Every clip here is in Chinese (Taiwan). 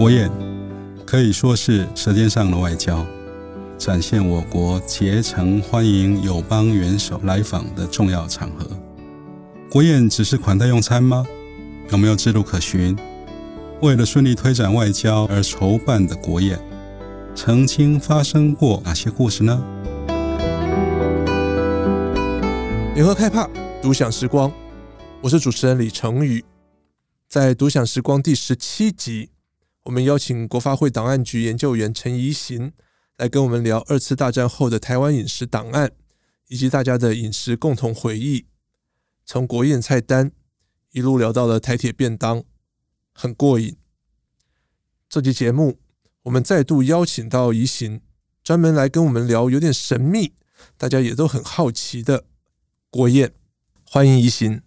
國宴可以說是舌尖上的外交，展現我國竭誠歡迎友邦元首來訪的重要場合。國宴只是款待用餐嗎？有沒有制度可循？為了順利推展外交而籌辦的國宴，曾經發生過哪些故事呢？有何害怕？讀饗時光，我是主持人李承宇，在讀饗時光第十七集。我們邀請國發會檔案局研究員陳怡行來跟我們聊二次大戰後的台灣飲食檔案，以及大家的飲食共同回憶，從國宴菜單一路聊到了台鐵便當，很過癮。這集節目我們再度邀請到怡行，專門來跟我們聊有點神秘，大家也都很好奇的國宴。歡迎怡行，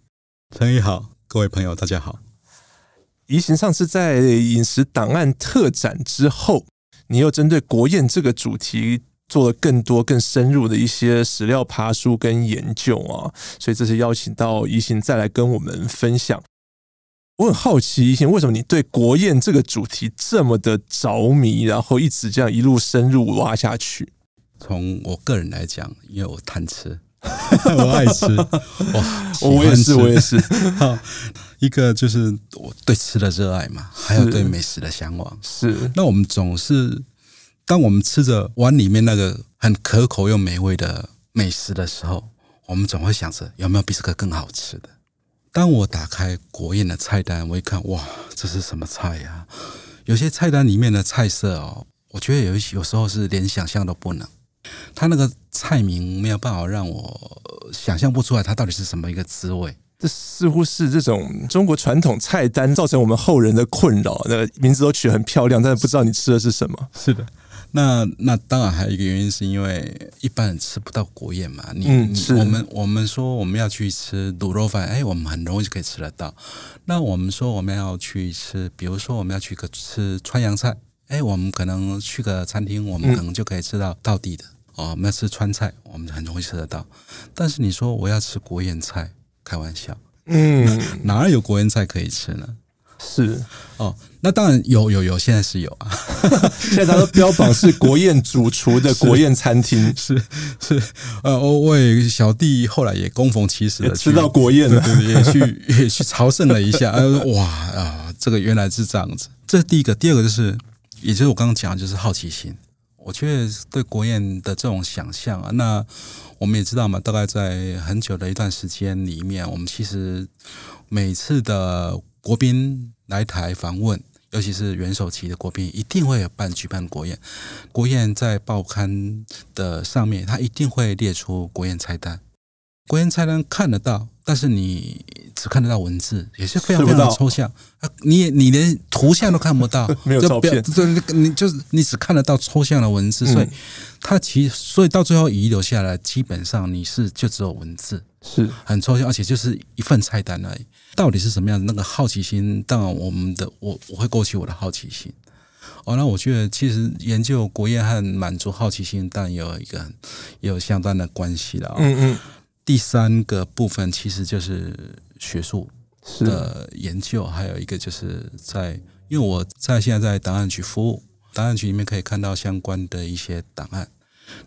陳怡好，各位朋友大家好。怡行上次在飲食檔案特展之後，你又針對國宴這個主題做了更多、更深入的一些史料爬梳跟研究啊，所以這次邀請到怡行再來跟我們分享。我很好奇怡行，為什麼你對國宴這個主題這麼的着迷，然後一直這樣一路深入挖下去？從我個人來講，因為我貪吃。 我愛吃，我我也是，我也是。哈，一個就是我對吃的熱愛嘛，還有對美食的向往。是，那我們總是，當我們吃着碗裡面那個很可口又美味的美食的時候，我們總會想着有沒有比這個更好吃的。當我打開國宴的菜單，我一看，哇，這是什麼菜呀？有些菜單裡面的菜色哦，我覺得有有時候是連想象都不能。它那個菜名沒有辦法讓我想象不出來，它到底是什麼一個滋味？這似乎是這種中國傳統菜單造成我們後人的困擾。那個名字都取得很漂亮，但是不知道你吃的是什麼。是的，那那當然還有一個原因，是因為一般人吃不到國宴嘛。你、嗯、你我們我們說我們要去吃滷肉飯，哎，我們很容易就可以吃得到。那我們說我們要去吃，比如說我們要去個吃川揚菜，哎，我們可能去個餐廳，我們可能就可以吃到、嗯、道地的。哦，我們要吃川菜，我們很容易吃得到。但是你說我要吃國宴菜，開玩笑，嗯，哪兒有國宴菜可以吃呢？是哦，那當然有有有，現在是有啊。現在他說標榜是國宴主廚的國宴餐廳，是是，是。呃，我也小弟後來也恭逢其時的，也吃到國宴了，對對對，也去也去朝聖了一下。 啊哇啊，呃，這個原來是這樣子。這是第一個，第二個就是，也就是我剛剛講的就是好奇心。我確實對國宴的這種想象啊，那我們也知道嘛，大概在很久的一段時間裡面，我們其實每次的國賓來台訪問，尤其是元首級的國賓，一定會有辦舉辦國宴。國宴在報刊的上面，他一定會列出國宴菜單，國宴菜單看得到，但是你。只看得到文字也是非常非常抽象，不啊、你也你連圖像都看不到， 沒有要照片、那個，你就是你只看得到抽象的文字，嗯、所以它其實所以到最後遺留下來，基本上你是就只有文字，是很抽象，而且就是一份菜單而已。到底是什麼樣的？那個好奇心，當然我們的我我會勾起我的好奇心。哦，那我覺得其實研究國宴和滿足好奇心，但也有一個有相當的關係的啊。嗯嗯，第三個部分其實就是。學術的研究，還有一個就是在，因為我在現在在檔案局服務，檔案局裡面可以看到相關的一些檔案，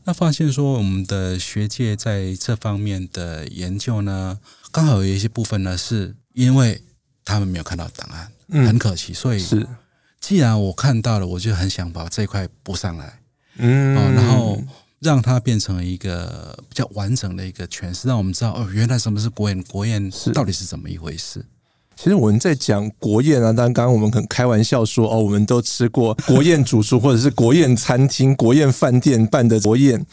那發現說我們的學界在這方面的研究呢，剛好有一些部分呢，是因為他們沒有看到檔案，很可惜，所以是，既然我看到了，我就很想把這塊補上來，嗯，然後。讓它變成了一個比較完整的一個詮釋，讓我們知道哦，原來什麼是國宴，國宴是到底是怎麼一回事。其實我們在講國宴啊，當然，剛剛我們可能開玩笑說哦，我們都吃過國宴主廚 或者是國宴餐廳、國宴飯店辦的國宴。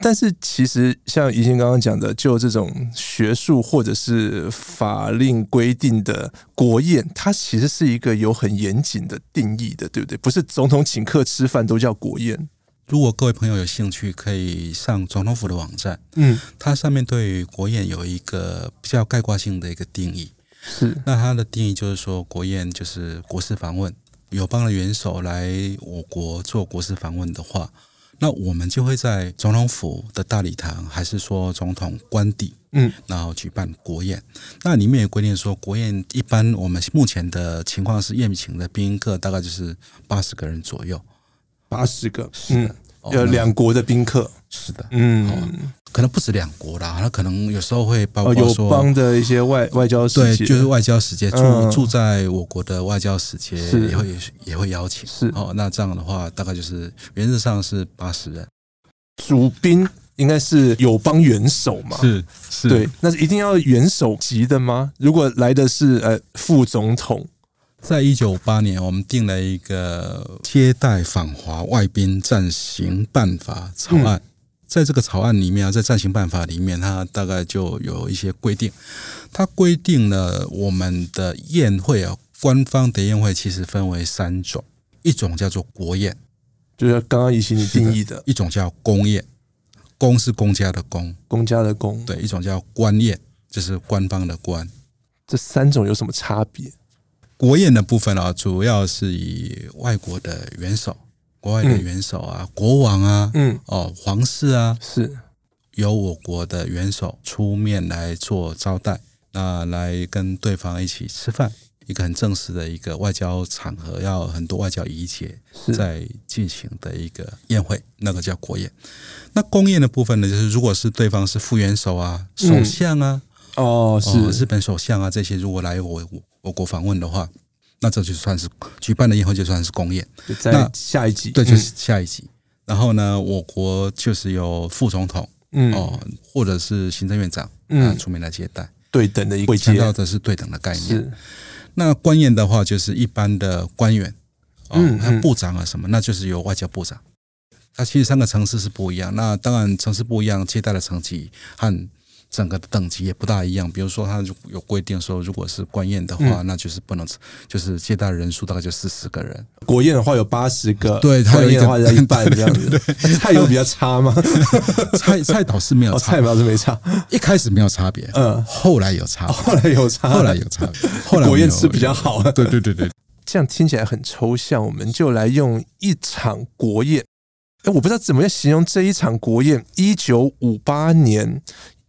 但是，其實像怡行剛剛講的，就這種學術或者是法令規定的國宴，它其實是一個有很嚴謹的定義的，對不對？不是總統請客吃飯都叫國宴。如果各位朋友有興趣，可以上總統府的網站。嗯，它上面對國宴有一個比較概括性的一個定義。是，那它的定義就是說，國宴就是國事訪問，友邦的元首來我國做國事訪問的話，那我們就會在總統府的大禮堂，還是說總統官邸，嗯，然後舉辦國宴。那裡面也規定說，國宴一般我們目前的情況是宴請的賓客大概就是八十個人左右。八十個，嗯，有兩國的賓客。是的，嗯、哦，可能不止兩國啦，他可能有時候會包括友邦、哦、的一些外外交使節，就是外交使節、嗯、住住在我國的外交使節也會，是也，會也會邀請，是哦，那這樣的話大概就是原則上是八十人，主賓應該是友邦元首嘛，是是，對，那是一定要元首級的嗎？如果來的是呃副總統？在一九五八年，我們定了一個接待訪華外賓暫行辦法草案。在這個草案裡面啊，在暫行辦法裡面，它大概就有一些規定。它規定了我們的宴會啊，官方的宴會其實分為三種：一種叫做國宴，就是剛剛已經定義的；一種叫公宴，公是公家的公，公家的公；對，一種叫官宴，就是官方的官。這三種有什麼差別？國宴的部分啊，主要是以外國的元首、國外的元首啊、嗯、國王啊、嗯、哦、皇室啊，是由我國的元首出面來做招待，那來跟對方一起吃飯飯，一個很正式的一個外交場合，要很多外交儀節是在進行的一個宴會，那個叫國宴。那公宴的部分呢，就是如果是對方是副元首啊、首相啊、嗯、哦，是哦日本首相啊這些，如果來我我。我國訪問的話，那這就算是舉辦的宴會，就算是公宴。那下一集對，就是下一集。嗯、然後呢，我國就是由副總統，嗯，哦，或者是行政院長，啊、嗯，出面來接待。對等的一個接到的是對等的概念。是那官宴的話，就是一般的官員，嗯，哦、像部長啊什麼，嗯、那就是由外交部長。那、嗯啊、其實三個層次是不一樣。那當然，層次不一樣，接待的層級和。整個的等級也不大一樣，比如說它就有規定說，如果是官宴的話，嗯、那就是不能吃，就是接待人數大概就四十個人。國宴的話有八十個，對，他有一個國宴的話一半這樣子。對對對，菜有比較差嗎？菜菜倒是沒有差，哦，菜倒是沒差，一開始沒有差別，嗯，後來有差別，哦，後來有差別，後來有差，後來有差，後來有國宴是比較好有。對對對對，這樣聽起來很抽象，我們就來用一場國宴。欸、我不知道怎麼樣形容這一場國宴，一九五八年。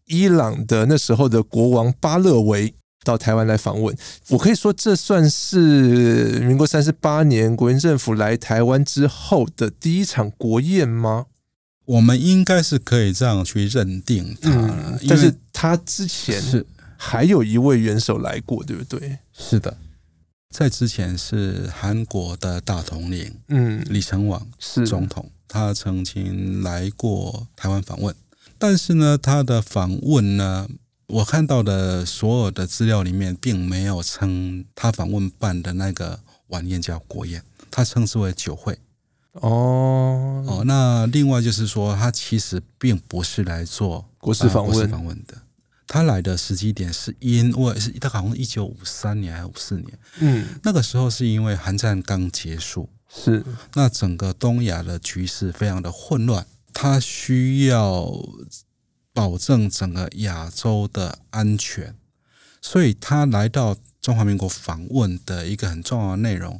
伊朗的那時候的國王巴勒維到台灣來訪問，我可以說這算是民國三十八年國民政府來台灣之後的第一場國宴嗎？我們應該是可以這樣去認定他，嗯，但是他之前是還有一位元首來過，對不對？是的，在之前是韓國的大統領，嗯，李承晚是總統，他曾經來過台灣訪問。但是呢，他的訪問呢，我看到的所有的資料裡面，並沒有稱他訪問辦的那個晚宴叫國宴，他稱之為酒會。哦哦，那另外就是說，他其實並不是來做國事訪問，國事訪問的。他來的時機點是因為是他好像一九五三年還是五四年？嗯，那個時候是因為韓戰剛結束，是那整個東亞的局勢非常的混亂。他需要保證整個亞洲的安全，所以他來到中華民國訪問的一個很重要的內容，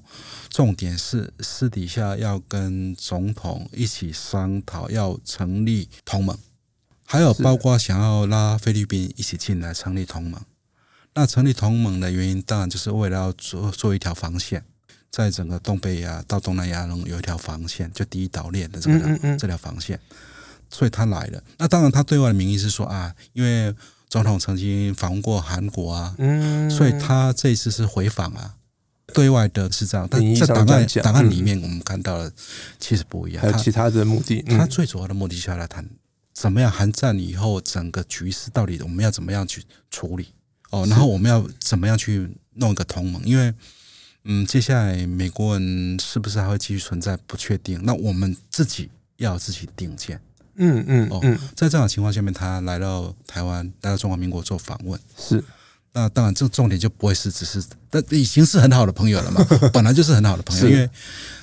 重點是私底下要跟總統一起商討要成立同盟，還有包括想要拉菲律賓一起進來成立同盟。那成立同盟的原因，當然就是為了要做做一條防線。在整個東北亞到東南亞，能有一條防線，就第一島鏈的這個這條防線，嗯嗯嗯、所以他來了。那當然，他對外的名義是說啊，因為總統曾經訪問過韓國啊，嗯，所以他這一次是回訪啊。對外的是這樣，但在檔案檔、嗯、案裡面，我們看到的其實不一樣。還有其他的目的、嗯，他最主要的目的是要來談怎麼樣韓戰以後整個局勢到底我們要怎麼樣去處理哦，然後我們要怎麼樣去弄一個同盟，因為。嗯，接下來美國人是不是還會繼續存在不確定？那我們自己要有自己定見。嗯嗯哦，在這樣的情況下面，他來到台灣，來到中華民國做訪問，是。那當然，這重點就不會是只是，但已經是很好的朋友了嘛。本來就是很好的朋友， 是因為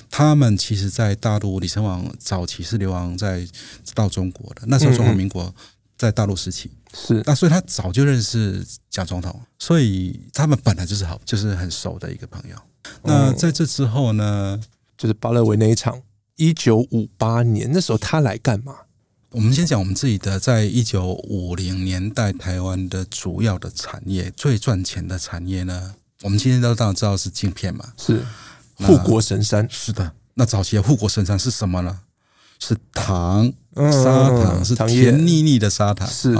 他們其實在大陸，李承晚早期是流亡在到中國的，那時候中華民國在大陸時期，是、嗯。嗯、那所以他早就認識蔣總統，所以他們本來就是好，就是很熟的一個朋友。那在這之後呢，就是巴勒維那一場，一九五八年，那時候他來幹嘛？我們先講我們自己的，在一九五零年代台灣的主要的產業，最賺錢的產業呢？我們今天都大家知道是晶片嘛，是護國神山，是的。那早期的護國神山是什麼呢？是糖，砂糖，是甜膩膩的砂糖，是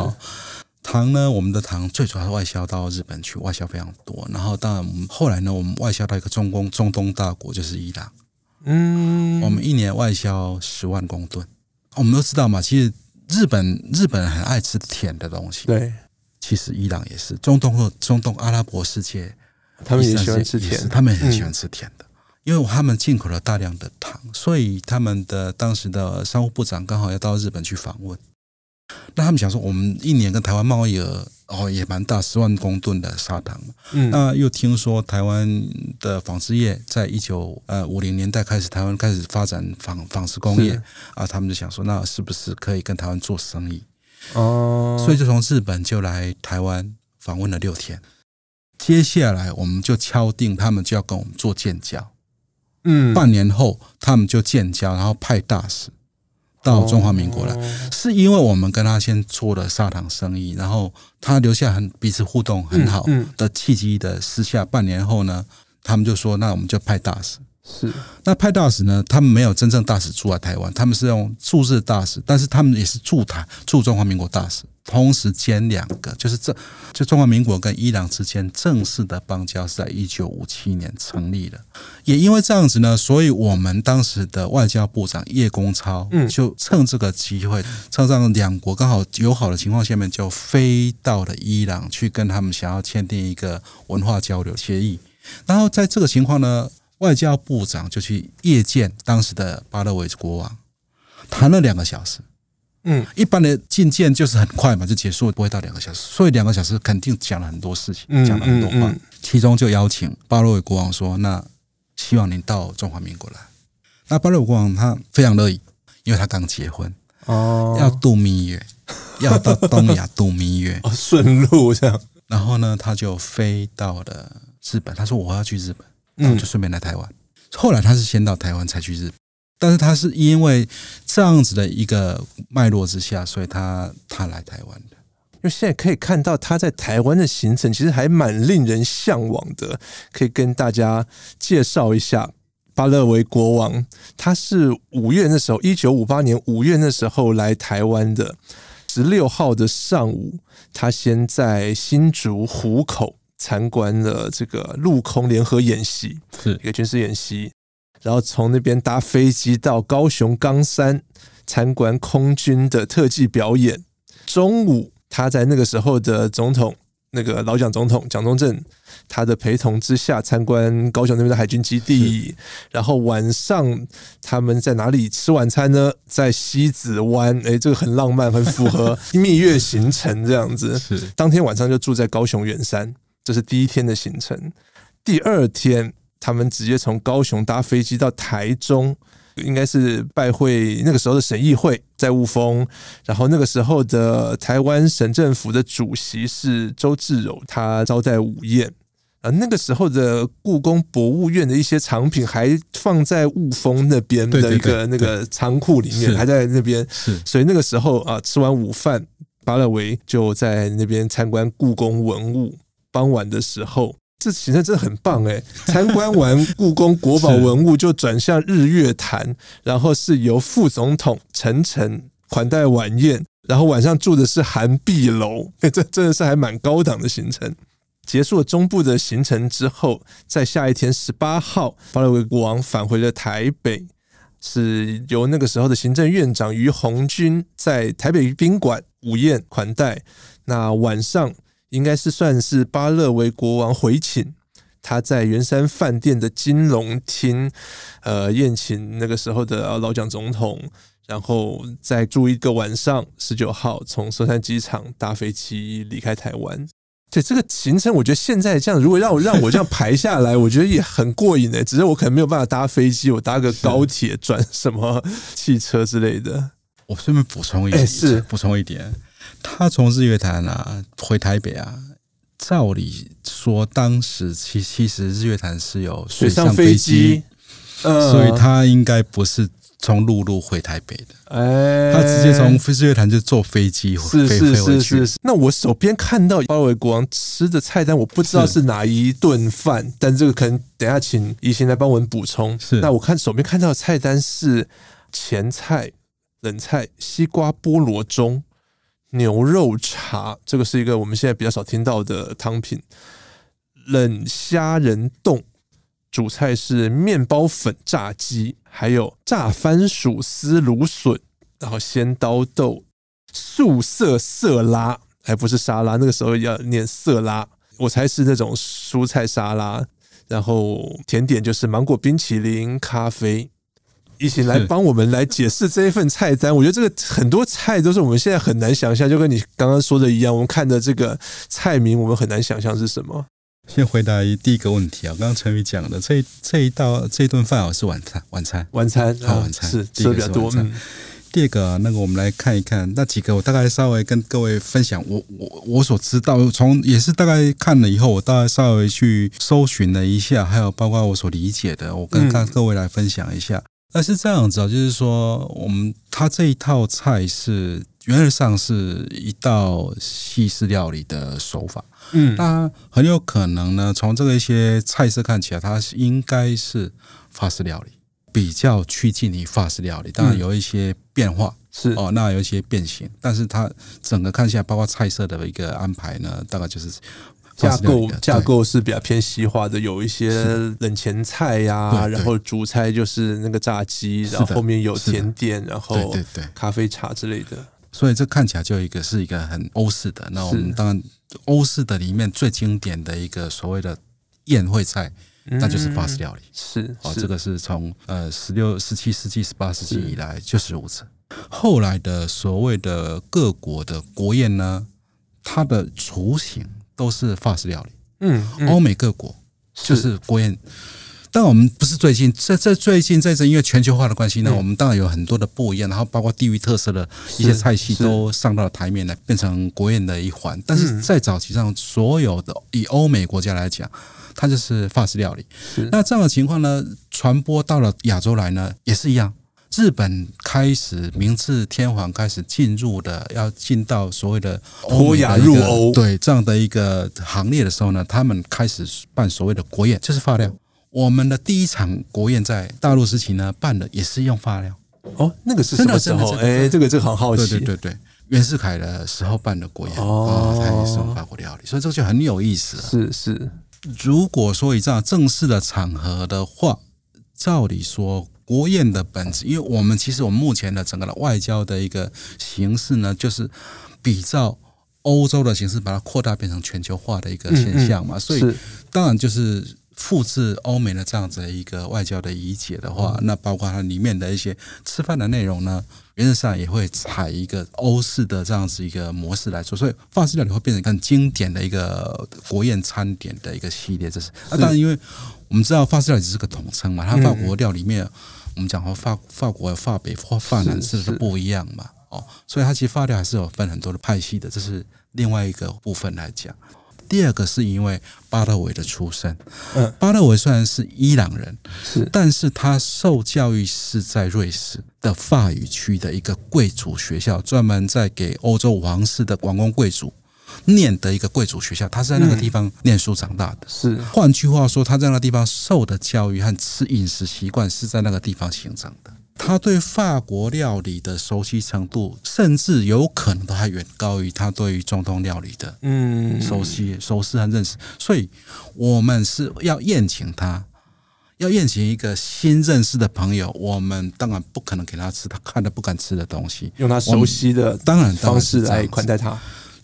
糖呢，我們的糖最主要是外銷到日本去，外銷非常多。然後，當然我們後來呢，我們外銷到一個中東中東大國，就是伊朗。嗯，我們一年外銷十萬公噸。我們都知道嘛，其實日本日本很愛吃甜的東西。對，其實伊朗也是中東或中東阿拉伯世界，他們也喜歡吃甜，他們很喜歡吃甜的，嗯，因為他們進口了大量的糖，所以他們的當時的商務部長剛好要到日本去訪問。那他們想說，我們一年跟台灣貿易額哦也蠻大，十萬公噸的砂糖。嗯，那又聽說台灣的紡織業在一九呃五零年代開始，台灣開始發展紡紡織工業是啊，他們就想說，那是不是可以跟台灣做生意？哦，所以就從日本就來台灣訪問了六天。接下來我們就敲定，他們就要跟我們做建交。嗯，半年後他們就建交，然後派大使。到中華民國來，是因為我們跟他先做了砂糖生意，然後他留下很彼此互動很好的契機的私下。半年後呢，他們就說：“那我們就派大使。”是。那派大使呢，他們沒有真正大使駐在台灣，他們是用駐日大使，但是他們也是駐台駐中華民國大使。同時兼兩個，就是這就中華民國跟伊朗之間正式的邦交是在一九五七年成立的。也因為這樣子呢，所以我們當時的外交部長葉公超，嗯，就趁這個機會，趁上兩國剛好友好的情況下面，就飛到了伊朗去跟他們想要簽訂一個文化交流協議。然後在這個情況呢，外交部長就去謁見當時的巴勒維國王，談了兩個小時。嗯，一般的覲見就是很快嘛，就結束，不會到兩個小時。所以兩個小時肯定講了很多事情，嗯，講、嗯嗯、了很多話。其中就邀請巴勒維國王說：“那希望您到中華民國來。”那巴勒維國王他非常樂意，因為他剛結婚哦，要度蜜月，要到東亞度蜜月，順、哦、路這樣，嗯。然後呢，他就飛到了日本。他說：“我要去日本。”嗯，就順便來台灣。後來他是先到台灣才去日本。但是他是因為這樣子的一個脈絡之下，所以他他來台灣的。因為現在可以看到他在台灣的行程，其實還蠻令人向往的。可以跟大家介紹一下巴勒維國王，他是五月那時候，一九五八年五月那時候來台灣的。十六號的上午，他先在新竹湖口參觀了這個陸空聯合演習，是一個軍事演習。然後從那邊搭飛機到高雄岡山參觀空軍的特技表演。中午他在那個時候的總統，那個老蔣總統蔣中正他的陪同之下參觀高雄那邊的海軍基地。然後晚上他們在哪裡吃晚餐呢？在西子灣，誒，這個很浪漫，很符合蜜月行程這樣子。是，當天晚上就住在高雄圓山，這是第一天的行程。第二天。他們直接從高雄搭飛機到台中，應該是拜會那個時候的省議會，在霧峰。然後那個時候的台灣省政府的主席是周至柔，他招待午宴。啊、呃，那個時候的故宮博物院的一些藏品還放在霧峰那邊的一個那個倉庫裡面，對對對對，還在那邊。是 所以那個時候啊，吃完午飯，巴勒維就在那邊參觀故宮文物。傍晚的時候。這行程真的很棒誒，參觀完故宮國寶文物，就轉向日月潭， 是然後是由副總統陳誠款待晚宴，然後晚上住的是涵碧樓，這真的是還蠻高檔的行程。結束了中部的行程之後，在下一天十八號，巴勒維國王返回了台北，是由那個時候的行政院長俞鴻鈞在台北賓館午宴款待，那晚上。應該是算是巴勒維國王回請，他在圓山飯店的金龍廳，呃，宴請那個時候的老蔣總統，然後再住一個晚上。十九號從松山機場搭飛機離開台灣。對，這個行程我覺得現在這樣，如果讓我讓我這樣排下來， 我覺得也很過癮的、欸。只是我可能沒有辦法搭飛機，我搭個高鐵轉什麼汽車之類的。我順便補充一點、欸，是補充一點。他從日月潭啊回台北啊，照理說當時其其實日月潭是有水上飛機，呃，所以他應該不是從陸路回台北的，哎、欸，他直接從日月潭就坐飛機飛回去是是是是，是，那我手邊看到巴勒維國王吃的菜單，我不知道是哪一頓飯，是但這個可能等一下請怡行來幫我們補充。是，那我看手邊看到的菜單是前菜、冷菜、西瓜、菠蘿盅。牛肉茶，這個是一個我們現在比較少聽到的湯品。冷蝦仁凍，主菜是麵包粉炸雞，還有炸番薯絲、蘆筍，然後鮮刀豆、素色色拉（誒，不是沙拉，那個時候要念色拉），我猜是那種蔬菜沙拉。然後甜點就是芒果冰淇淋、咖啡。一起來幫我們來解釋這一份菜單。我覺得這個很多菜都是我們現在很難想象，就跟你剛剛說的一樣，我們看的這個菜名，我們很難想象是什麼。先回答第一個問題啊，我剛剛承宇講的這這一道這一頓飯啊是晚餐，晚餐晚餐啊、哦、晚餐是吃的比較多。的較多嗯、第二個、啊、那個，我們來看一看那幾個，我大概稍微跟各位分享我我我所知道，從也是大概看了以後，我大概稍微去搜尋了一下，還有包括我所理解的，我跟剛各位來分享一下。嗯那是這樣子啊，就是說，我們它這一套菜是原則上是一道西式料理的手法，嗯，那很有可能呢，從這個一些菜色看起來，它是應該是法式料理，比較趨近於法式料理，當然有一些變化，是哦，那有一些變形，但是它整個看起來，包括菜色的一個安排呢，大概就是。架構，架構是比較偏西化的，對有一些冷前菜呀，啊，對對對，然後主菜就是那個炸雞，的然後後面有甜點，的然後咖啡茶之類的對對對。所以這看起來就一個是一個很歐式的。那我們當然歐式的裡面最經典的一個所謂的宴會菜，是那就是法式料理。嗯、是哦，這個是從呃十六、十七世紀、十八世紀以來就是如此。是後來的所謂的各國的國宴呢，它的雛形。都是法式料理，嗯，嗯、歐美各國就是國宴，是但我們不是最近，在在最近這次，因為全球化的關係呢，嗯、那我們當然有很多的不一樣，然後包括地域特色的一些菜系都上到了台面來，變成國宴的一環。但是在早期上，嗯、所有的以歐美國家來講，它就是法式料理。是那這樣的情況呢，傳播到了亞洲來呢，也是一樣。日本開始明治天皇開始進入的，要進到所謂的脫亞、那個、入歐對，這樣的一個行列的時候呢，他們開始辦所謂的國宴，就是法料。我們的第一場國宴在大陸時期呢辦的也是用法料。哦，那個是什麼時候？哎，欸、的這個就很好奇。對對對對，袁世凱的時候辦的國宴哦，他也、哦、使用法國料理，所以這就很有意思了。是是，如果說以這樣正式的場合的話，照理說。國宴的本質，因為我們其實我們目前的整個的外交的一個形式呢，就是比照歐洲的形式，把它擴大變成全球化的一個現象嘛。嗯嗯，所以當然就是複制歐美的這樣子的一個外交的理解的話，嗯、那包括它裡面的一些吃飯的內容呢，原則上也會採一個歐式的這樣子一個模式來做。所以法式料理會變成更經典的一個國宴餐點的一個系列，這是，是那當然因為我們知道法式料理只是個統稱嘛，它法國料裡面。我們講法法國和法北法法南，是不一樣嘛？哦，所以它其實法律還是有分很多的派系的，這是另外一個部分來講。第二個是因為巴勒維的出身，嗯，巴勒維雖然是伊朗人，是但是他受教育是在瑞士的法語區的一個貴族學校，專門在給歐洲王室的王公貴族念的一個貴族學校，他是在那個地方念書長大的。嗯、是，換句話說，他在那個地方受的教育和吃飲食習慣是在那個地方形成的。他對法國料理的熟悉程度，甚至有可能都還遠高於他對於中東料理的熟悉，嗯，熟悉、熟悉和認識。所以，我們是要宴請他，要宴請一個新認識的朋友，我們當然不可能給他吃他看着不敢吃的東西，用他熟悉的當然方式來款待他。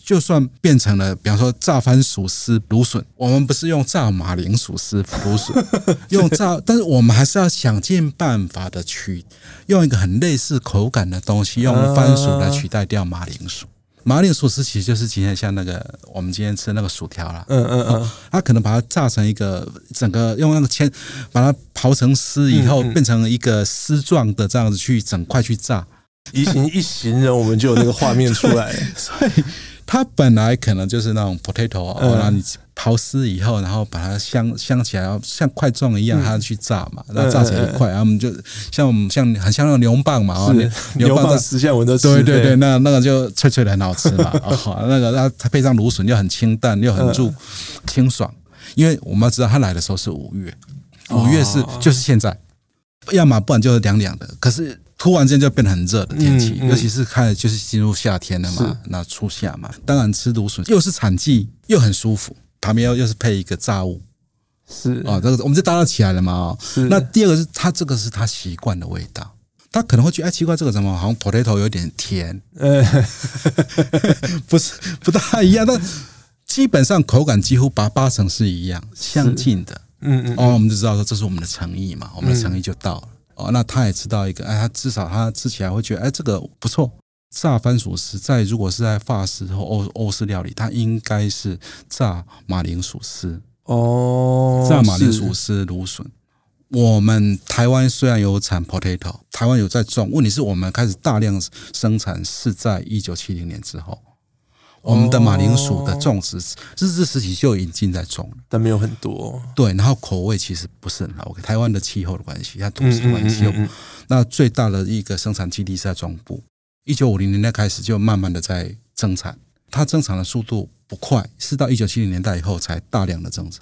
就算變成了，比方說炸番薯絲、蘆筍，我們不是用炸馬鈴薯絲、蘆筍用炸，但是我們還是要想盡辦法的去用一個很類似口感的東西，用番薯來取代掉馬鈴薯。馬鈴薯絲其實就是今天像那個我們今天吃的那個薯條了，嗯嗯嗯，他、嗯、可能把它炸成一個整個用那個籤把它刨成絲以後，變成一個絲狀的這樣子去整塊去炸，嗯嗯、一行一行人，我們就有那個畫面出來了， 所以。它本來可能就是那種 potato 啊、嗯哦，然後你刨絲以後，然後把它香香起來，像塊狀一樣，它去炸嘛，嗯、然後炸成一塊，嗯嗯、然後我們就像我們像很像那種牛蒡嘛，是牛蒡的絲線紋的對對對，那那個就脆脆的很好吃嘛， 哦、那個那配上蘆筍又很清淡又很住清爽，嗯、因為我們知道它來的時候是五月，五月是、哦、就是現在，要麼不然就是涼涼的，可是。突然間就變得很熱的天氣，嗯嗯、尤其是開始就是進入夏天了嘛，那是初夏嘛，當然吃蘆筍又是產季，又很舒服，旁邊又又是配一個炸物，是啊、哦，這個我們就搭了起來了嘛、哦。是那第二個是他這個是他習慣的味道，他可能會覺得哎奇怪，這個怎麼好像 potato 有點甜，呃， 不是不大一樣，嗯、但基本上口感幾乎八八成是一樣相近的。嗯嗯，嗯哦，我們就知道說，這是我們的誠意嘛，嗯、我們的誠意就到了。哦，那他也知道一個，哎，他至少他吃起來會覺得，哎，這個不錯。炸番薯絲，在如果是在法式或歐歐式料理，它應該是炸馬鈴薯絲。哦，炸馬鈴薯絲、蘆筍是。我們台灣雖然有產 potato，台灣有在種，問題是我們開始大量生產是在一九七零年之後。我們的馬鈴薯的種植，日治時期就引進在種，但沒有很多。對，然後口味其實不是很好，台灣的氣候的關係，它土質的關係。那最大的一個生產基地是在中部，一九五零年代開始就慢慢的在增產，它增產的速度不快，是到一九七零年代以後才大量的增產。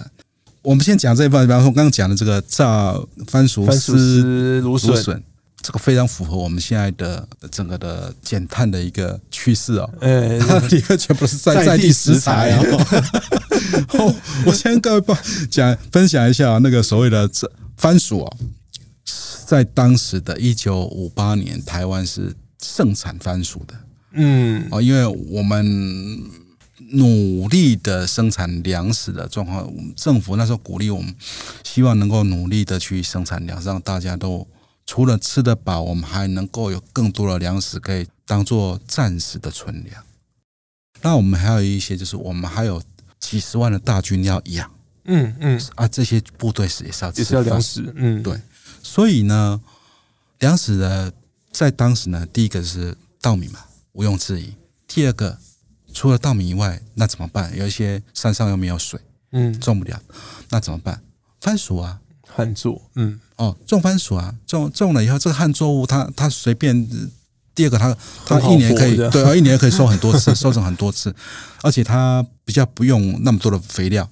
我們先講這一部分，比如說我剛剛講的這個炸番薯絲、蘆筍。這個非常符合我們現在的整個的減碳的一個趨勢哦。呃，第二全部是在在地食材哦。我先跟各位講分享一下那個所謂的番番薯哦，在當時的一九五八年，台灣是盛產番薯的。嗯，啊，因為我們努力的生產糧食的狀況，我們政府那時候鼓勵我們，希望能夠努力的去生產糧食，讓大家都。除了吃得飽，我們還能夠有更多的糧食可以當做暫時的存糧。那我們還有一些，就是我們還有幾十萬的大軍要養，嗯嗯，嗯啊，這些部隊是也是要吃也是要糧食，嗯，對。所以呢，糧食呢在當時呢，第一個是稻米嘛，毋庸置疑。第二個，除了稻米以外，那怎麼辦？有一些山上又沒有水，嗯，種不了，那怎麼辦？番薯啊。旱作，嗯，哦，種番薯啊，種種了以後，這個旱作物它，它它隨便，第二個它，它它一年可以，對啊，一年可以收很多次， 收成很多次，而且它比較不用那麼多的肥料，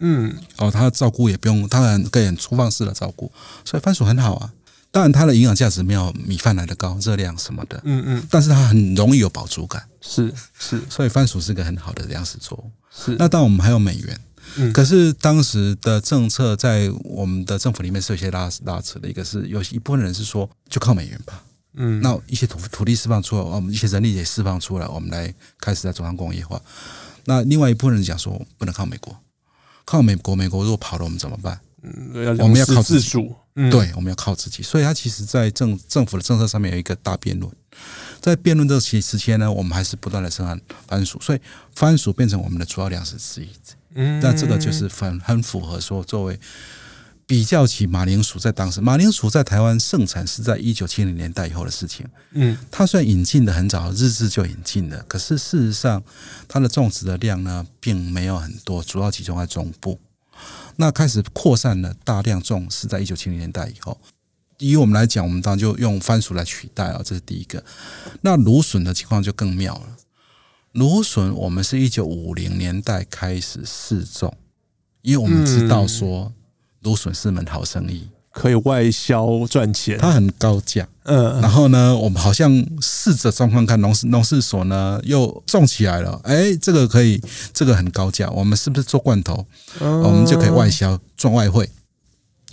嗯，哦，它照顧也不用，它很可以很粗放式的照顧，所以番薯很好啊。當然，它的營養價值沒有米飯來的高，熱量什麼的，嗯嗯，但是它很容易有飽足感，是是，是所以番薯是一個很好的糧食作物。是，那當我們還有美元。可是當時的政策在我們的政府裡面是有些拉拉扯的。一個是有一部分人是說，就靠美元吧，嗯，那一些土土地釋放出來，我們一些人力也釋放出來，我們來開始在走上工業化。那另外一部分人講說不能靠美國，靠美國，美國如果跑了我們怎麼辦？嗯，我們要靠自主，對，我們要靠自己。所以他其實在政政府的政策上面有一個大辯論。在辯論這期時間呢，我們還是不斷的生產番薯，所以番薯變成我們的主要糧食之一。那、嗯、這個就是很很符合說，作為比較起馬鈴薯，在當時馬鈴薯在台灣盛產是在一九七零年代以後的事情。嗯，它雖然引進得很早，日治就引進了，可是事實上它的種植的量呢，並沒有很多，主要集中在中部。那開始擴散的大量種是在一九七零年代以後。以我們來講，我們當然就用番薯來取代啊，這是第一個。那蘆筍的情況就更妙了。蘆筍，我們是一九五零年代開始試種，因為我們知道說蘆筍、嗯、是門好生意，可以外銷賺錢，它很高價。嗯，然後呢，我們好像試着狀況看農事，農事所呢又種起來了，哎、欸，這個可以，這個很高價，我們是不是做罐頭？嗯、我們就可以外銷賺外匯。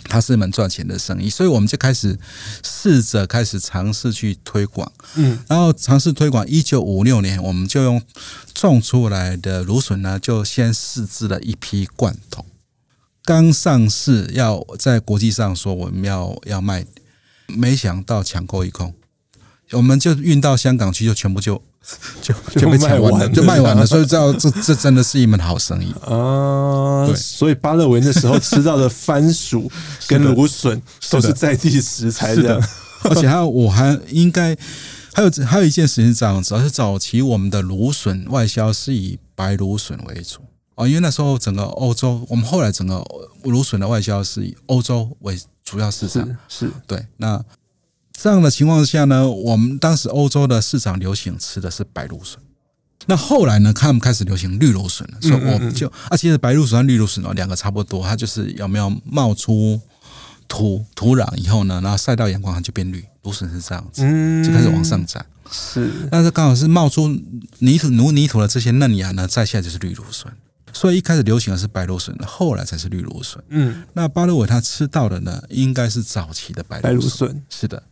它是門賺錢的生意，所以我們就開始試着開始嘗試去推廣，嗯，然後嘗試推廣。一九五六年，我們就用種出來的蘆筍呢，就先試制了一批罐頭，剛上市，要在國際上說我們要要賣，沒想到搶購一空。我們就運到香港去，就全部就就就被搶完了，就賣完了。完了啊，所以知道這這這真的是一門好生意啊！對所以巴勒維那時候吃到的番薯跟蘆筍都是在地食材的。的的 而且還有我還應該還有還有一件事情，這樣主要，就是早期我們的蘆筍外銷是以白蘆筍為主，哦，因為那時候整個歐洲，我們後來整個蘆筍的外銷是以歐洲為主要市場。是，是對那。這樣的情況下呢，我們當時歐洲的市場流行吃的是白蘆筍，那後來呢，他們開始流行綠蘆筍了，嗯嗯嗯，所以我們就啊，其實白蘆筍和綠蘆筍呢，兩個差不多，它就是有沒有冒出土土壤，以後呢，然後曬到陽光，它就變綠。蘆筍是這樣子，就開始往上長。是，嗯、但是剛好是冒出泥土、如泥土的這些嫩芽呢，在下就是綠蘆筍。所以一開始流行的是白蘆筍，後來才是綠蘆筍。嗯，那巴勒維他吃到的呢，應該是早期的白蘆筍。白蘆筍。是的。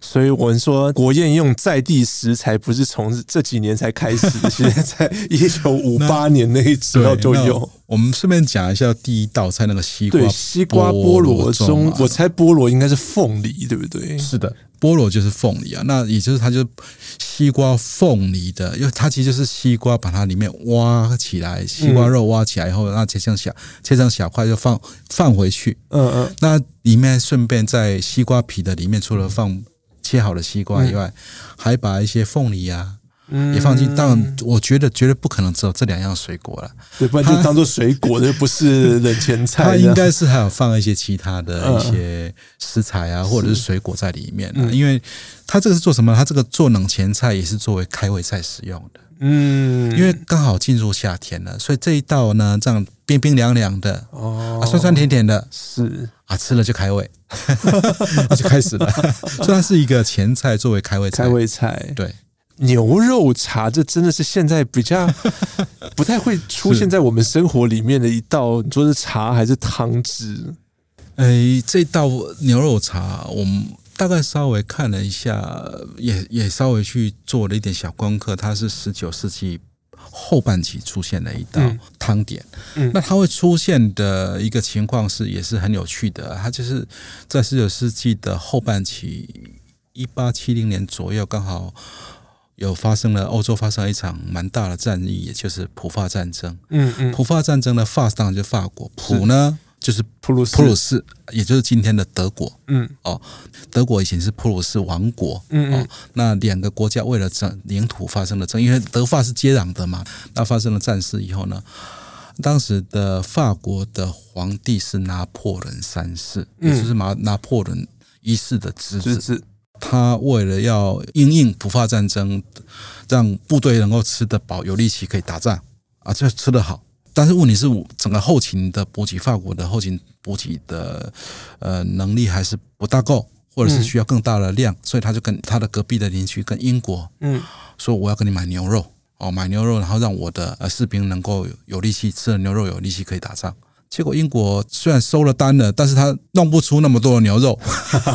所以我們說，國宴用在地食材不是從這幾年才開始的，其實 在一九五八年那一次 那就有那。用。 我們順便講一下第一道菜那個西瓜，啊、對，西瓜菠蘿中我猜菠蘿應該是鳳梨，對不對？是的，菠蘿就是鳳梨啊，那也就是它就是西瓜鳳梨的，因為它其實是西瓜，把它裡面挖起來，西瓜肉挖起來以後，嗯、那切成小，切成小塊就放放回去，嗯嗯，那裡面順便在西瓜皮的裡面，除了放切好的西瓜以外，嗯、還把一些鳳梨啊。也放進，但我覺得絕對不可能只有這兩樣水果了，對，不然就當做水果，這不是冷前菜。它應該是還有放一些其他的一些食材啊，嗯、或者是水果在裡面啊，嗯、因為它這個是做什麼？它這個做冷前菜也是作為開胃菜使用的，嗯，因為剛好進入夏天了，所以這一道呢，這樣冰冰涼涼的，哦，啊、酸酸甜甜甜的，是啊，吃了就開胃， 啊、就開始了， 所以它是一個前菜，作為開胃菜，開胃菜，對。牛肉茶，這真的是現在比較不太會出現在我們生活裡面的一道。你 是說是茶還是湯汁？哎、欸，這道牛肉茶，我們大概稍微看了一下，也也稍微去做了一點小功課。它是十九世紀後半期出現的一道湯點。嗯嗯、那它會出現的一個情況是，也是很有趣的。它就是在十九世紀的後半期，一八七零年左右，剛好。有發生了歐洲，發生了一場蠻大的戰役，也就是普法戰爭。嗯嗯，嗯普法戰爭呢，法當然就是法國，普呢是就是普魯普魯士，也就是今天的德國。嗯哦，德國以前是普魯士王國。嗯、哦、那兩個國家為了爭領土發生了爭，因為德法是接壤的嘛。那發生了戰事以後呢，當時的法國的皇帝是拿破崙三世，嗯、也就是拿拿破崙一世的侄子。嗯他為了要因應普法戰爭，讓部隊能夠吃得飽，有力氣可以打仗啊，這吃得好。但是問題是，整個後勤的補給，法國的後勤補給的呃能力還是不大夠，或者是需要更大的量，嗯、所以他就跟他的隔壁的鄰居跟英國，嗯，說我要跟你買牛肉哦，買牛肉，然後讓我的呃士兵能夠有力氣吃了牛肉，有力氣可以打仗。結果英國雖然收了單了，但是他弄不出那麼多的牛肉。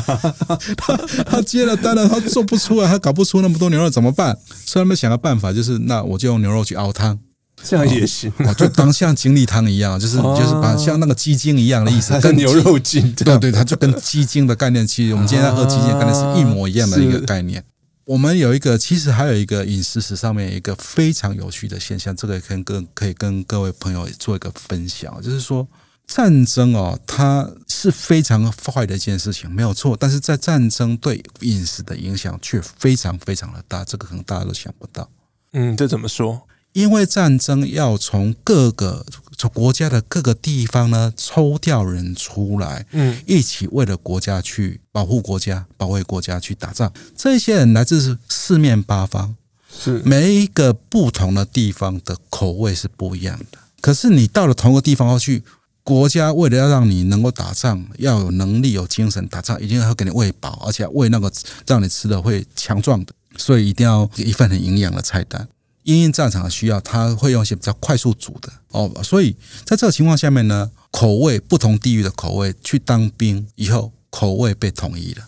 他他接了單了，他做不出啊，他搞不出那麼多牛肉，怎麼辦？所以他們想個辦法，就是那我就用牛肉去熬湯，這樣也行，哦 哦，就當像精力湯一樣，就是、啊、就是把像那個雞精一樣的意思，跟、啊、牛肉跟精，對對，對，它就跟雞精的概念，其實我們今天在喝雞精跟的概念是一模一樣的一個概念。啊我們有一個，其實還有一個飲食史上面一個非常有趣的現象，這個可以跟跟可以跟各位朋友做一個分享，就是說戰爭哦，它是非常壞的一件事情，沒有錯。但是在戰爭對飲食的影響卻非常非常的大，這個可能大家都想不到。嗯，這怎麼說？因為戰爭要從各個從國家的各個地方呢抽調人出來，嗯，一起為了國家去保護國家、保衛國家去打仗。這些人來自四面八方，是每一個不同的地方的口味是不一樣的。可是你到了同一個地方後去，國家為了要讓你能夠打仗，要有能力、有精神打仗，一定要給你餵飽，而且餵那個讓你吃的會強壯的，所以一定要一份很營養的菜單。因為應戰場的需要，它會用一些比較快速煮的哦，所以在這個情況下面呢，口味，不同地域的口味，去當兵以後，口味被統一了。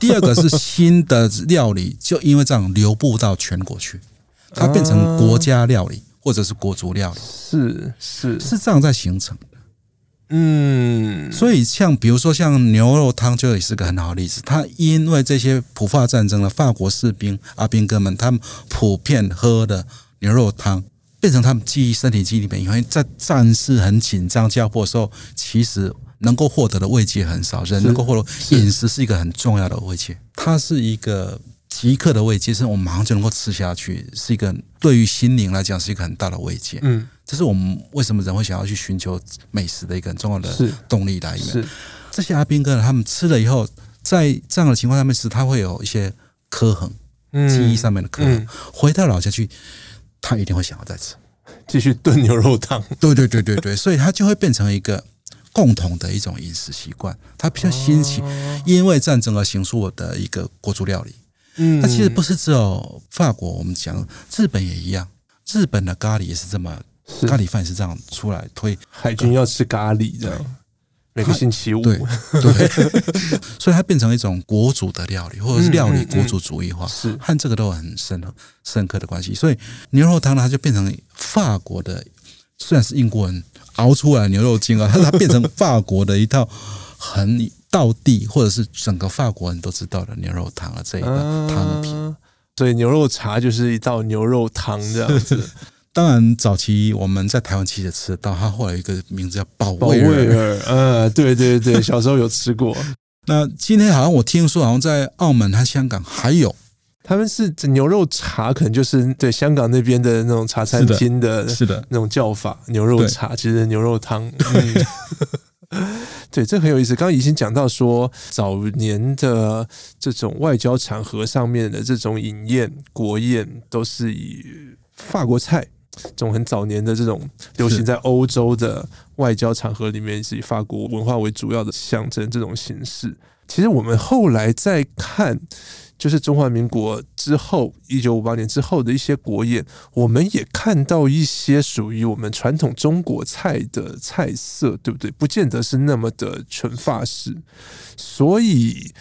第二個是新的料理， 就因為這樣流布到全國去，它變成國家料理或者是國族料理，嗯、是是是這樣在形成嗯，所以像比如說像牛肉湯就也是個很好的例子，他因為這些普法戰爭的法國士兵阿兵哥們，他們普遍喝的牛肉湯，變成他們記憶身體記憶裡面，因為在戰事很緊張交迫的時候，其實能夠獲得的慰藉很少，人能夠獲得，飲食是一個很重要的慰藉，它是一個。即刻的慰藉，是我們馬上就能夠吃下去，是一個對於心靈來講是一個很大的慰藉。嗯，這是我們為什麼人會想要去尋求美食的一個很重要的動力來源。這些阿兵哥他們吃了以後，在這樣的情況上面，是他會有一些刻痕，記憶上面的刻痕。嗯嗯、回到老家去，他一定會想要再吃，繼續燉牛肉湯。對對對對對，所以他就會變成一個共同的一種飲食習慣。他比較新奇，哦、因為戰爭而形塑的一個國族料理。那、嗯、其實不是只有法國，我們講日本也一樣，日本的咖喱也是這麼是咖喱飯也是這樣出來推，海軍要吃咖喱這樣，對每個星期五。對，對 所以它變成一種國族的料理，或者是料理國族主義化，是、嗯嗯、和這個都有很深的是深刻的關係。所以牛肉湯呢，它就變成法國的，雖然是英國人熬出來的牛肉精啊，但是它變成法國的一套很。道地或者是整個法國人都知道的牛肉湯啊，這一個湯的品、啊，所以牛肉茶就是一道牛肉湯這樣子。當然，早期我們在台灣其實也吃得到，它後來一個名字叫保衛爾，呃、啊，對對對，小時候有吃過。 那今天好像我聽說，好像在澳門和香港還有，他們是牛肉茶，可能就是對香港那邊的那種茶餐廳的，是的那種叫法是是牛肉茶，其實牛肉湯。對嗯 對，這很有意思。剛剛怡行講到說，早年的這種外交場合上面的這種飲宴、國宴，都是以法國菜這種很早年的這種流行在歐洲的外交場合裡面，是以法國文化為主要的象徵這種形式。其實我們後來再看。就是中華民國之後，一九五八年之後的一些國宴，我們也看到一些屬於我們傳統中國菜的菜色，對不對？不見得是那麼的純法式。所以，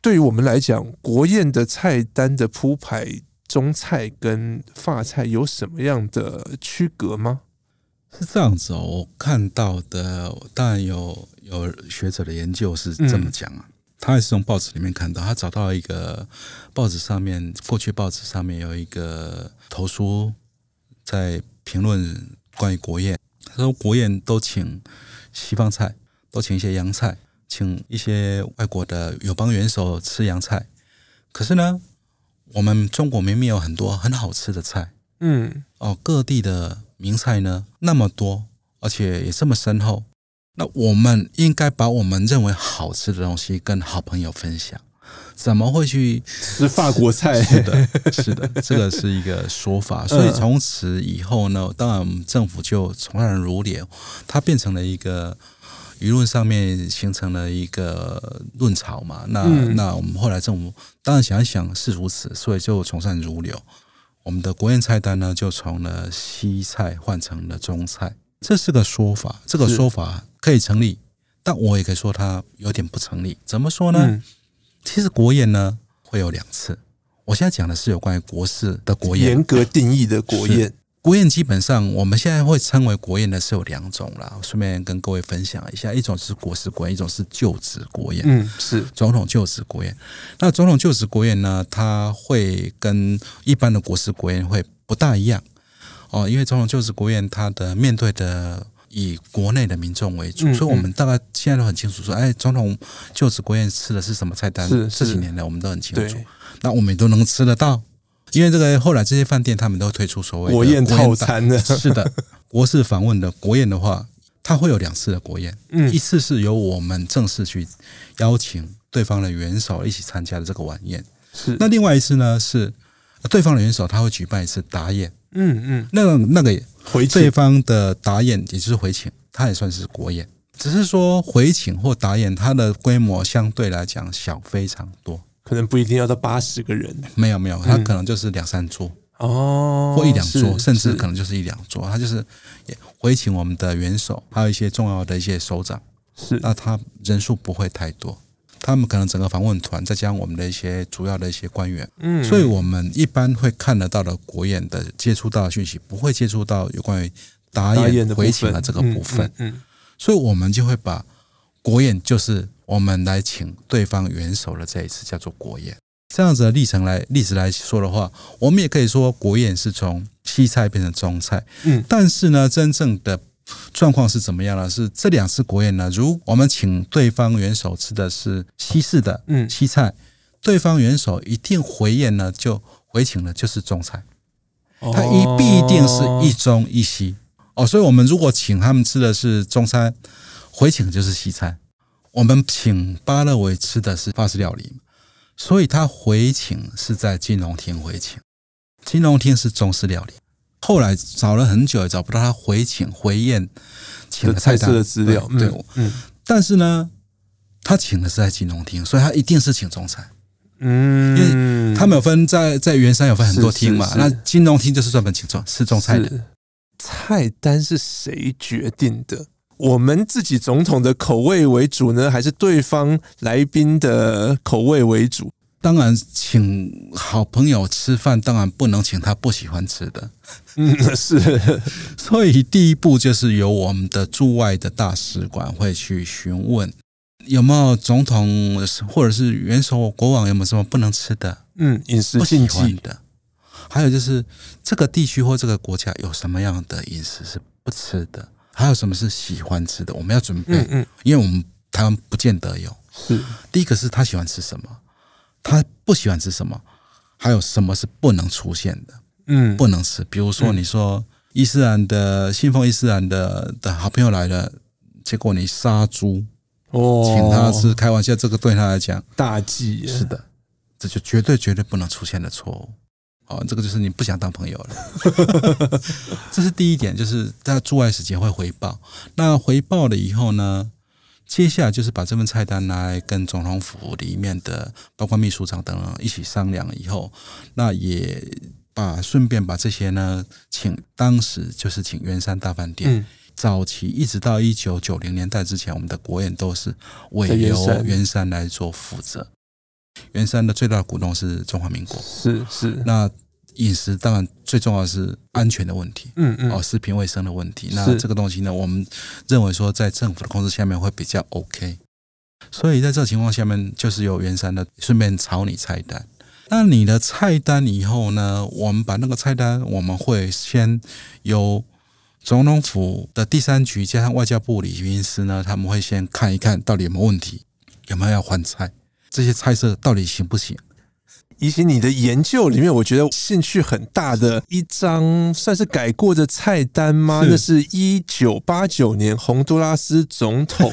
對於我們來講，國宴的菜單的鋪排，中菜跟法菜有什麼樣的區隔嗎？是這樣子哦，我看到的，當然有有學者的研究是這麼講啊。嗯他還是從報紙裡面看到，他找到一個報紙上面，過去報紙上面有一個投書，在評論關於國宴，他說國宴都請西方菜，都請一些洋菜，請一些外國的友邦元首吃洋菜，可是呢，我們中國明明有很多很好吃的菜，嗯，哦，各地的名菜呢那麼多，而且也這麼深厚。那我們應該把我們認為好吃的東西跟好朋友分享，怎麼會去吃是法國菜、欸？是，是的，是的，這個是一個說法。所以從此以後呢，當然政府就從善如流，它變成了一個輿論上面形成了一個論潮嘛。那、嗯、那我們後來政府當然想一想是如此，所以就從善如流。我們的國宴菜單呢，就從了西菜換成了中菜，這是個說法。這個說法。可以成立，但我也可以說它有點不成立。怎麼說呢？嗯，其實國宴呢，會有兩次，我現在講的是有關於國事的國宴，嚴格定義的國宴。國宴基本上我們現在會稱為國宴的是有兩種啦，我順便跟各位分享一下：一種是國事國宴，一種是就職國宴。嗯，是總統就職國宴。那總統就職國宴呢，它會跟一般的國事國宴會不大一樣哦，因為總統就職國宴它的面對的。以國內的民眾為主、嗯，嗯、所以我們大概現在都很清楚說，說哎，總統就職國宴吃的是什麼菜單？是,是這幾年來我們都很清楚，對那我們也都能吃得到，因為這個後來這些飯店他們都推出所謂國,國宴套餐的。是的， 國事訪問的國宴的話，它會有兩次的國宴，嗯、一次是由我們正式去邀請對方的元首一起參加的這個晚宴，是那另外一次呢是對方的元首他會舉辦一次答宴、嗯。嗯嗯，那那個。回請對方的答宴，也就是回請，他也算是國宴。只是說回請或答宴，他的規模相對來講小非常多，可能不一定要到八十個人。沒有沒有，他可能就是兩三桌哦，嗯、或一兩桌，哦、甚至可能就是一兩桌，他就是也回請我們的元首，還有一些重要的一些首長。是，那他人數不會太多。他們可能整個訪問團再加上我們的一些主要的一些官員，嗯，所以我們一般會看得到的國宴的接觸到的訊息，不會接觸到有關於答宴回請的這個部分，嗯，所以我們就會把國宴就是我們來請對方元首的這一次叫做國宴。這樣子的歷程來歷史來說的話，我們也可以說國宴是從西菜變成中菜，嗯，但是呢，真正的。狀況是怎麼樣呢？是這兩次國宴呢？如我們請對方元首吃的是西式的，嗯，西菜，嗯，對方元首一定回宴呢，就回請了，就是中餐，他一必定是一中一西哦，哦，所以我們如果請他們吃的是中餐，回請就是西餐。我們請巴勒維吃的是法式料理，所以他回請是在金融廳回請，金融廳是中式料理。後來找了很久也找不到他回請、回宴請的菜單、菜的資料，對，嗯嗯、但是呢，他請的是在金龍廳，所以他一定是請中餐，嗯，因為他們有分在在圓山有分很多廳嘛，是是是，那金龍廳就是專門請中是中菜的。菜單是誰決定的？我們自己總統的口味為主呢，還是對方來賓的口味為主？當然，請好朋友吃飯，當然不能請他不喜歡吃的。嗯，是。所以第一步就是由我們的駐外的大使館會去詢問，有沒有總統或者是元首、國王有沒有什麼不能吃的，嗯，飲食禁忌、不喜歡的。還有就是這個地區或這個國家有什麼樣的飲食是不吃的，還有什麼是喜歡吃的，我們要準備。嗯，因為我們台灣不見得有。是，第一個是他喜歡吃什麼。他不喜歡吃什麼，還有什麼是不能出現的？嗯，不能吃。比如說，你說伊斯蘭的信奉伊斯蘭的的好朋友來了，結果你殺豬，哦、請他吃，開玩笑，這個對他來講大忌。是的，這就絕對絕對不能出現的錯誤。哦，這個就是你不想當朋友了。 這是第一點，就是他駐外時間會回報。那回報了以後呢？接下來就是把這份菜單來跟總統府裡面的包括秘書長等等一起商量以後，那也把順便把這些呢，請當時就是請圓山大飯店，嗯、早期一直到一九九零年代之前，我們的國宴都是委由圓山來做負責。圓山的最大股東是中華民國，是是那，飲食當然最重要的是安全的問題，嗯嗯，哦，食品衛生的問題。是那這個東西呢，我們認為說在政府的控制下面會比較 OK。所以在這個情況下面，就是由圓山的順便炒你菜單。那你的菜單以後呢，我們把那個菜單，我們會先由總統府的第三局加上外交部禮賓司呢，他們會先看一看到底有沒有問題，有沒有要換菜，這些菜色到底行不行？怡行，你的研究裡面，我覺得興趣很大的一張，算是改過的菜單嗎？是那是一九八九年，宏都拉斯總統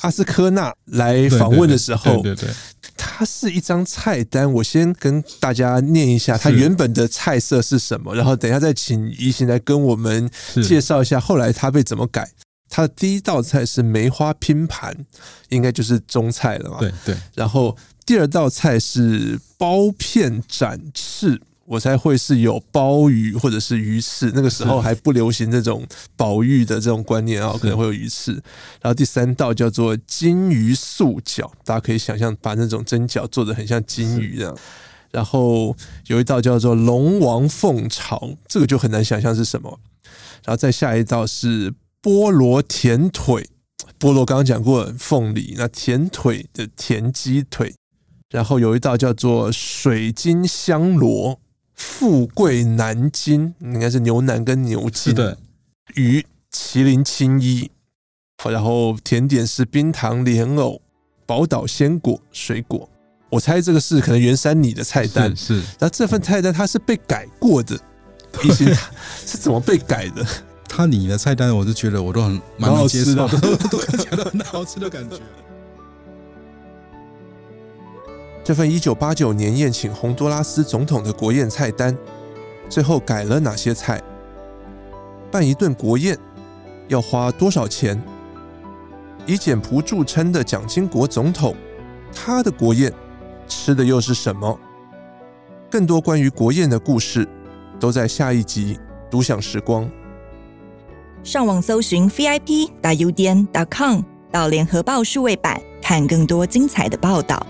阿斯柯納來訪問的時候，對對，對，對，對，對它是一張菜單。我先跟大家念一下它原本的菜色是什麼，是然後等一下再請怡行來跟我們介紹一下後來它被怎麼改。它第一道菜是梅花拼盤，應該就是中菜了嘛？對，對對，然後。第二道菜是鮑片展翅，我猜會是有鮑魚或者是魚翅，那個時候還不流行這種保育的這種觀念啊、哦，可能會有魚翅。是然後第三道叫做金魚素餃，大家可以想象，把那種蒸餃做得很像金魚這樣。是然後有一道叫做龍王鳳巢，這個就很難想象是什麼。然後再下一道是菠蘿甜腿，菠蘿剛剛講過鳳梨，那甜腿的甜雞腿。然後有一道叫做水晶香螺，富貴南京，應該是牛腩跟牛筋，的魚麒麟青衣，然後甜點是冰糖蓮藕，寶島鮮果水果。我猜這個是可能圓山擬的菜單是，是然後這份菜單它是被改過的，對一些是怎麼被改的？ 他擬的菜單，我就覺得我都很蠻好接受，對，覺得很好吃的感覺。 這份一九八九年宴請宏都拉斯總統的國宴菜單，最後改了哪些菜？辦一頓國宴要花多少錢？以儉樸著稱的蔣經國總統，他的國宴吃的又是什麼？更多關於國宴的故事，都在下一集《讀饗時光》。上網搜尋 vip.udn.com 到聯合報數位版，看更多精彩的報道。